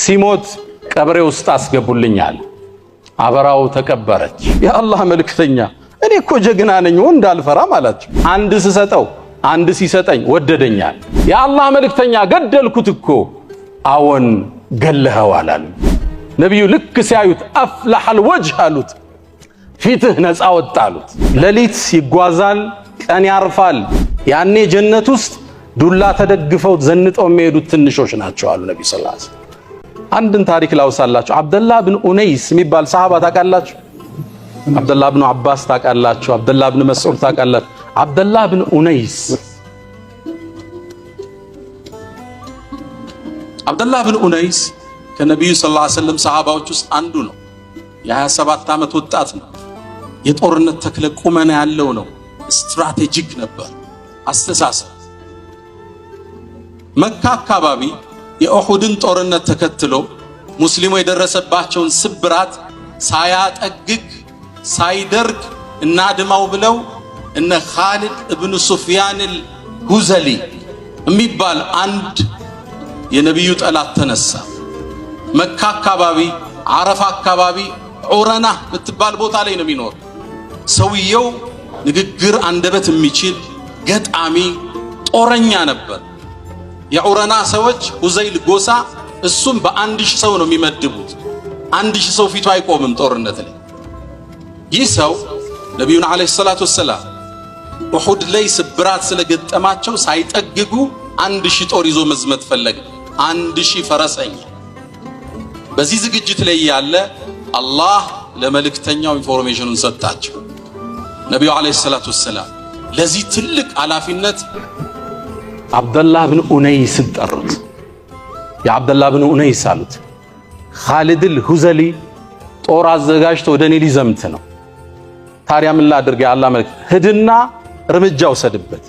ሲሞት ቀብሬ ውስጥ አስገቡልኛል። አበራው ተቀበረች። የአላህ መልክተኛ እኔ እኮ ጀግና ነኝ ወንድ አልፈራም አላቸው። አንድ ስሰጠው አንድ ሲሰጠኝ ወደደኛል። የአላህ መልእክተኛ ገደልኩት እኮ። አዎን ገለኸው አላል። ነቢዩ ልክ ሲያዩት አፍላሐል ወጅህ አሉት፣ ፊትህ ነፃ ወጣ አሉት። ሌሊት ይጓዛል፣ ቀን ያርፋል። ያኔ ጀነት ውስጥ ዱላ ተደግፈው ዘንጠው የሚሄዱት ትንሾች ናቸው አሉ ነቢዩ ሰለላሁ ዐለይሂ ወሰለም። አንድን ታሪክ ላውሳላችሁ። አብደላ ብን ኡነይስ የሚባል ሰሃባ ታውቃላችሁ? አብደላ ብን አባስ ታውቃላችሁ? አብደላ ብን መስዑድ ታውቃላችሁ? አብደላ ብን ኡነይስ አብደላ ብን ኡነይስ ከነቢዩ ሰለላሁ ዐለይሂ ወሰለም ሰሃባዎች ውስጥ አንዱ ነው። የ27 ዓመት ወጣት ነው። የጦርነት ተክለ ቁመና ያለው ነው። ስትራቴጂክ ነበር አስተሳሰብ መካ አካባቢ የኦሑድን ጦርነት ተከትሎ ሙስሊሙ የደረሰባቸውን ስብራት ሳያጠግግ ሳይደርግ እናድማው ብለው እነ ኻሊድ እብኑ ሱፍያንል ሁዘሊ የሚባል አንድ የነቢዩ ጠላት ተነሳ። መካ አካባቢ፣ አረፋ አካባቢ ዑረና የምትባል ቦታ ላይ ነው የሚኖር። ሰውየው ንግግር አንደበት የሚችል ገጣሚ ጦረኛ ነበር። የዑረና ሰዎች ሁዘይል ጎሳ እሱም በአንድ ሺህ ሰው ነው የሚመድቡት። አንድ ሺህ ሰው ፊቱ አይቆምም ጦርነት ላይ። ይህ ሰው ነቢዩን ዓለይሂ ሰላቱ ወሰላም ኡሑድ ላይ ስብራት ስለገጠማቸው ሳይጠግጉ አንድ ሺህ ጦር ይዞ መዝመት ፈለገ። አንድ ሺህ ፈረሰኛ። በዚህ ዝግጅት ላይ ያለ አላህ ለመልእክተኛው ኢንፎርሜሽኑን ሰጣቸው። ነቢዩ ዓለይሂ ሰላቱ ወሰላም ለዚህ ትልቅ ኃላፊነት አብደላህ ብን ኡነይስን ጠሩት። የአብደላህ ብን ኡነይስ አሉት ኻሊድል ሁዘሊ ጦር አዘጋጅቶ ወደ እኔ ሊዘምት ነው። ታዲያ ምን ላድርግ? የአላህ መልእክት ሂድና እርምጃ ውሰድበት።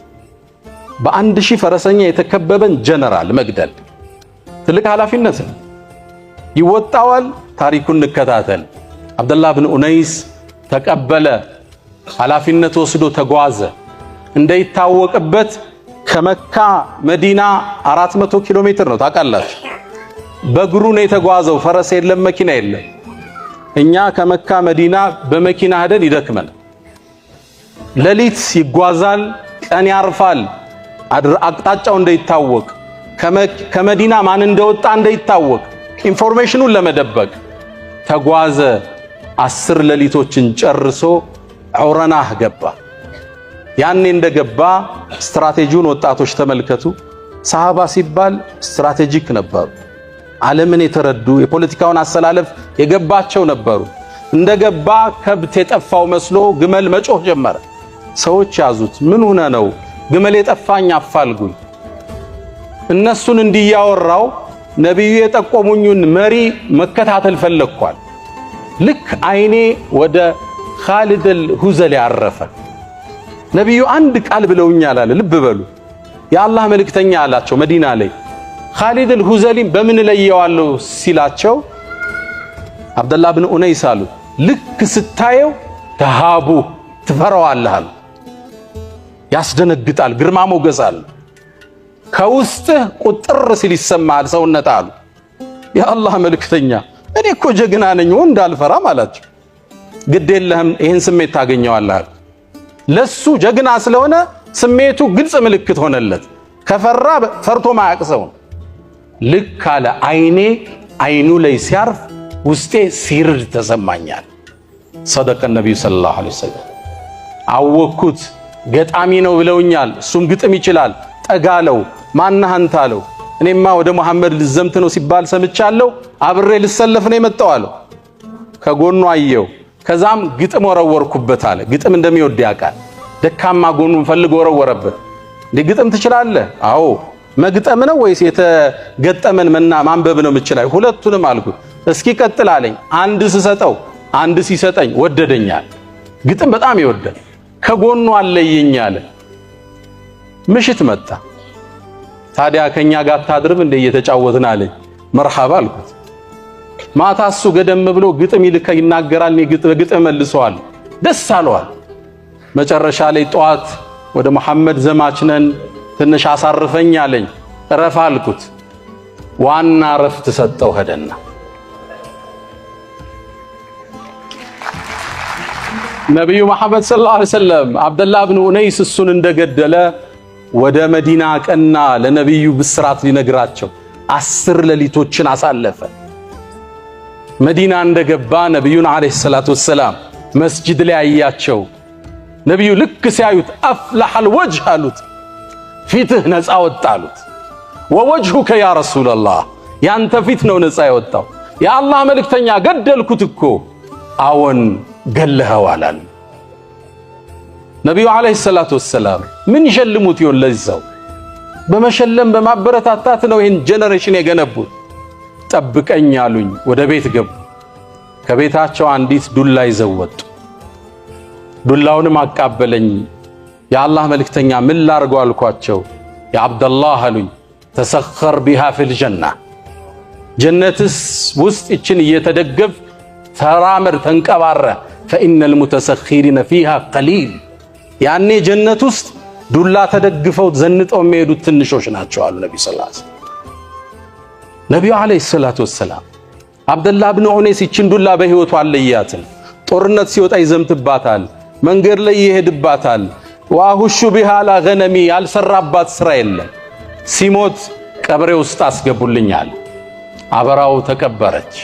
በአንድ ሺህ ፈረሰኛ የተከበበን ጀነራል መግደል ትልቅ ኃላፊነት ነው። ይወጣዋል። ታሪኩን እንከታተል። አብደላህ ብን ኡነይስ ተቀበለ። ኃላፊነት ወስዶ ተጓዘ። እንዳይታወቅበት ከመካ መዲና 400 ኪሎ ሜትር ነው ታውቃላችሁ። በእግሩ ነው የተጓዘው። ፈረስ የለም፣ መኪና የለም። እኛ ከመካ መዲና በመኪና ሄደን ይደክመን። ሌሊት ይጓዛል፣ ቀን ያርፋል። አቅጣጫው እንዳይታወቅ፣ ከመዲና ማን እንደወጣ እንዳይታወቅ፣ ኢንፎርሜሽኑን ለመደበቅ ተጓዘ። አስር ሌሊቶችን ጨርሶ ዑረናህ ገባ። ያኔ እንደገባ ስትራቴጂውን ወጣቶች ተመልከቱ። ሰሃባ ሲባል ስትራቴጂክ ነበሩ። ዓለምን የተረዱ የፖለቲካውን አሰላለፍ የገባቸው ነበሩ። እንደገባ ከብት የጠፋው መስሎ ግመል መጮህ ጀመረ። ሰዎች ያዙት። ምን ሆነ ነው ግመል የጠፋኝ አፋልጉኝ። እነሱን እንዲያወራው ነቢዩ የጠቆሙኝን መሪ መከታተል ፈለግኳል። ልክ አይኔ ወደ ኻሊድ አልሁዘሊ ያረፈ ነቢዩ አንድ ቃል ብለውኛል አለ። ልብ በሉ የአላህ መልእክተኛ አላቸው። መዲና ላይ ኻሊድ አልሁዘሊም በምን ለየዋለው ሲላቸው አብደላህ ብን ኡነይስ አሉ። ልክ ስታየው ተሃቡ ትፈራዋለህ አሉ። ያስደነግጣል፣ ግርማ ሞገስ አሉ። ከውስጥህ ቁጥር ሲል ይሰማሃል ሰውነት አሉ። የአላህ መልእክተኛ እኔ እኮ ጀግና ነኝ ወንድ አልፈራም አላቸው። ግድ የለህም ይህን ስሜት ታገኘዋለህ አሉ። ለሱ ጀግና ስለሆነ ስሜቱ ግልጽ ምልክት ሆነለት። ከፈራ ፈርቶ ማያቅ ሰው ልክ አለ። አይኔ አይኑ ላይ ሲያርፍ ውስጤ ሲርድ ተሰማኛል። ሰደቀ ነቢዩ ሰለላሁ ዐለይሂ ወሰለም። አወቅኩት። ገጣሚ ነው ብለውኛል። እሱም ግጥም ይችላል። ጠጋለው ማነህ አንተ አለው። እኔማ ወደ መሐመድ ልዘምት ነው ሲባል ሰምቻለሁ። አብሬ ልሰለፍ ነው የመጣው አለው። ከጎኑ አየው። ከዛም ግጥም ወረወርኩበት አለ። ግጥም እንደሚወድ ያውቃል። ደካማ ጎኑን ፈልጎ ወረወረበት። እንዲህ ግጥም ትችላለህ? አዎ። መግጠም ነው ወይስ የተገጠመን መና ማንበብ ነው የምችላል? ሁለቱንም አልኩት። እስኪ ቀጥል አለኝ። አንድ ስሰጠው አንድ ሲሰጠኝ ወደደኛል። ግጥም በጣም ይወዳል። ከጎኑ አለየኝ አለ። ምሽት መጣ። ታዲያ ከኛ ጋር ታድርም እንደ እየተጫወትን አለኝ። መርሃባ አልኩት። ማታ እሱ ገደም ብሎ ግጥም ይልከ ይናገራል። ግጥም መልሰዋል። ደስ አለዋል። መጨረሻ ላይ ጠዋት ወደ መሐመድ ዘማችነን ትንሽ አሳርፈኝ አለኝ። እረፍ አልኩት። ዋና እረፍት ሰጠው። ሄደና ነቢዩ መሐመድ ሰለላሁ ዐለይሂ ወሰለም አብደላህ ብን ኡነይስ እሱን እንደገደለ ወደ መዲና ቀና። ለነቢዩ ብስራት ሊነግራቸው አስር ሌሊቶችን አሳለፈ። መዲና እንደገባ ነቢዩን ዐለይሂ ሰላቱ ወሰላም መስጂድ ላይ አያቸው። ነቢዩ ልክ ሲያዩት አፍላሐል ወጅህ አሉት፣ ፊትህ ነፃ ወጣ አሉት። ወወጅሁከ ያ ረሱለላህ ያንተ ፊት ነው ነፃ የወጣው። የአላህ መልእክተኛ ገደልኩት እኮ። አዎን ገለኸዋል አሉ ነቢዩ ዓለይሂ ሰላቱ ወሰላም። ምን ይሸልሙት ይሆን ለዚህ ሰው? በመሸለም በማበረታታት ነው ይህን ጄኔሬሽን የገነቡት። ጠብቀኝ አሉኝ። ወደ ቤት ገቡ። ከቤታቸው አንዲት ዱላ ይዘው ወጡ። ዱላውንም አቃበለኝ። የአላህ መልእክተኛ ምን ላርገው አልኳቸው። የአብደላህ አሉኝ ተሰኸር ቢሃ ፊል ጀና ጀነትስ ውስጥ ይችን እየተደገፍ ተራመድ ተንቀባረ ፈኢነል ሙተሰኺሪነ ፊሃ ቀሊል ያኔ ጀነት ውስጥ ዱላ ተደግፈው ዘንጠው የሚሄዱት ትንሾች ናቸው አሉ ነቢ ስ ነቢዩ ዓለይሂ ሰላቱ ወሰላም። አብደላህ ብን ዑኔስ ይችን ዱላ በሕይወቱ አለያትን። ጦርነት ሲወጣ ይዘምትባታል። መንገድ ላይ ይሄድባታል። ዋሁሹ ቢሃላ ገነሚ ያልሰራባት ስራ የለም። ሲሞት ቀብሬ ውስጥ አስገቡልኛል። አበራው ተቀበረች።